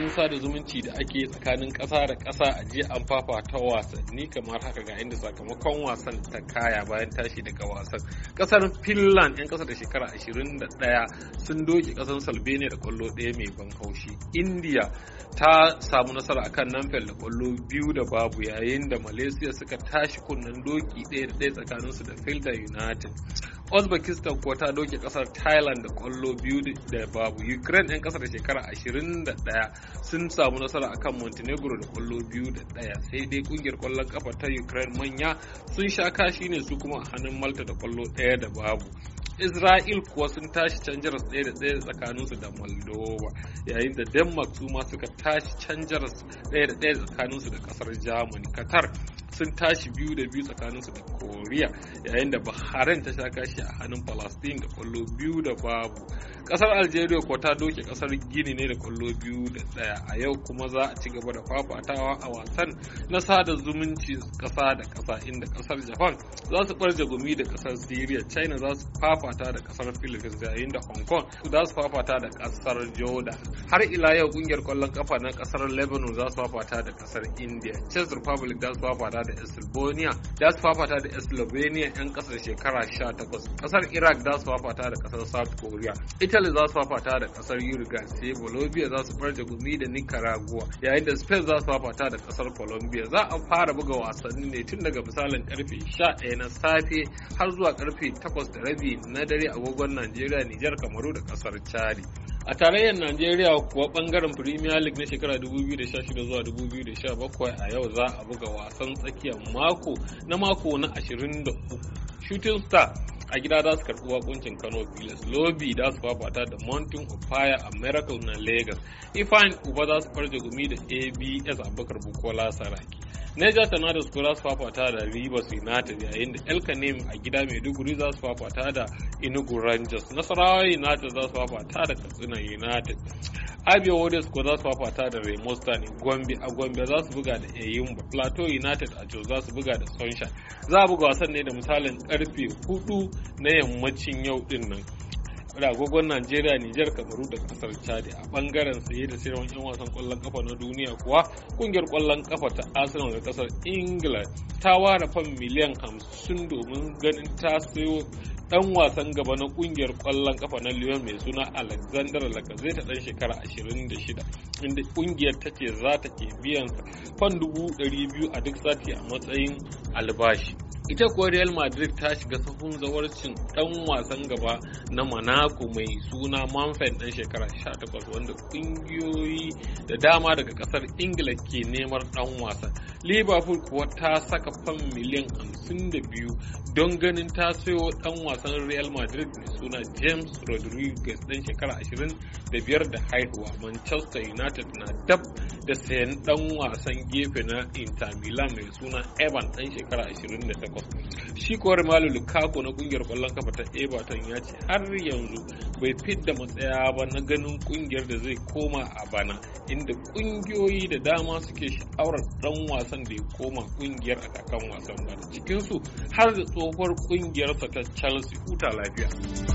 hanyoyin sada zumunci da ake tsakanin ƙasa da kasa a jiya an fafata wasanni kamar haka ga inda sakamakon wasan ta kaya bayan tashi daga wasan kasar finland 'yan ƙasa da shekara 21 sun doke ƙasar salbeniya da kwallo ɗaya mai ban haushi indiya ta samu nasara akan Namfel da kwallo biyu da babu yayin da Malaysia suka tashi kunnen doki ɗaya da tsakanin su da Filda United. Uzbekistan kuwa ta doke kasar Thailand da kwallo biyu da babu. Ukraine 'yan kasar shekara 21 sun samu nasara akan Montenegro da kwallo biyu da ɗaya sai dai kungiyar kwallon kafa ta Ukraine manya sun sha kashi ne su kuma a hannun Malta da kwallo ɗaya da babu. Isra'il kuwa sun tashi can jaras ɗaya da ɗaya tsakaninsu da Moldova yayin da Denmark su ma suka tashi can jaras ɗaya da ɗaya tsakaninsu da ƙasar Germany Qatar sun tashi biyu da biyu tsakaninsu da korea yayin da Bahrain ta sha kashi a hannun Palestine da kwallo biyu da babu kasar algeria ko ta doke kasar gini ne da kwallo biyu da daya a yau kuma za a ci gaba da fafatawa a wasan na sada zumunci kasa da kasa inda kasar japan za su barje gumi da kasar syria china za su fafata da kasar philippines yayin da hong kong za su fafata da kasar jordan har ila yau kungiyar kwallon kafa na kasar lebanon za su fafata da kasar india czech republic za su fafata da estonia za su fafata da slovenia yan kasar shekara 18 kasar iraq za su fafata da kasar south korea italy za su fafata da kasar uruguay sai bolivia za su farje gumi da nicaragua yayin da spain za su fafata da kasar colombia za a fara buga wasanni ne tun daga misalin karfe 11 na safe har zuwa karfe 8 da rabi na dare agogon najeriya nijar kamaru da kasar chari a tarayyar najeriya kuwa bangaren premier league na shekara 2016 zuwa 2017 a yau za a buga wasan tsakiyar mako na mako na 23 shooting star a gida za su karɓi wakuncin kano villas lobby za su fafata da mountain of fire a miracle na lagos ifan uba za su farje gumi da abs abubakar bukola saraki Niger Tornadoes ko za su fafata da Rivers United yayin da Elkanim a gida Maiduguri za su fafata da Enugu Rangers. Nasarawa United za su fafata da Katsina United. Abia Warriors ko za su fafata da Remo Gombe a Gombe za su buga da Eyimba. Plateau United a Jos za su buga da Sunshine. Za a buga wasan ne da misalin karfe 4 na yammacin yau din nan. ragogon Najeriya, Nijar, Kamaru da kasar Chad a bangaren saye da sayarwar 'yan wasan kwallon kafa na duniya kuwa kungiyar kwallon kafa ta Arsenal da kasar Ingila ta ware fan miliyan 50 domin ganin ta sayo dan wasan gaba na kungiyar kwallon kafa na Lyon mai suna Alexander Lacazette dan shekara 26 inda kungiyar ta ce za ta ke biyan fan dubu ɗari biyu a duk sati a matsayin albashi ita kuwa real madrid ta shiga sahun zawarcin dan wasan gaba na monaco mai suna manfred ɗan shekara 18 wanda kungiyoyi da dama daga ƙasar ingila ke neman dan wasan liverpool kuwa ta saka fan miliyan 52 don ganin ta sayo dan wasan real madrid mai suna james rodriguez ɗan shekara da biyar da haihuwa manchester united na dab da sayan dan wasan gefe na inter milan mai suna evan dan shekara 28 shi kuwa malu lukaku na kungiyar kwallon kafa ta everton ya ce har yanzu bai fidda matsaya ba na ganin kungiyar da zai koma a bana inda kungiyoyi da dama suke sha'awar dan wasan da ya koma kungiyar a kakan wasan bana cikinsu har da tsohuwar kungiyarsa ta chelsea huta lafiya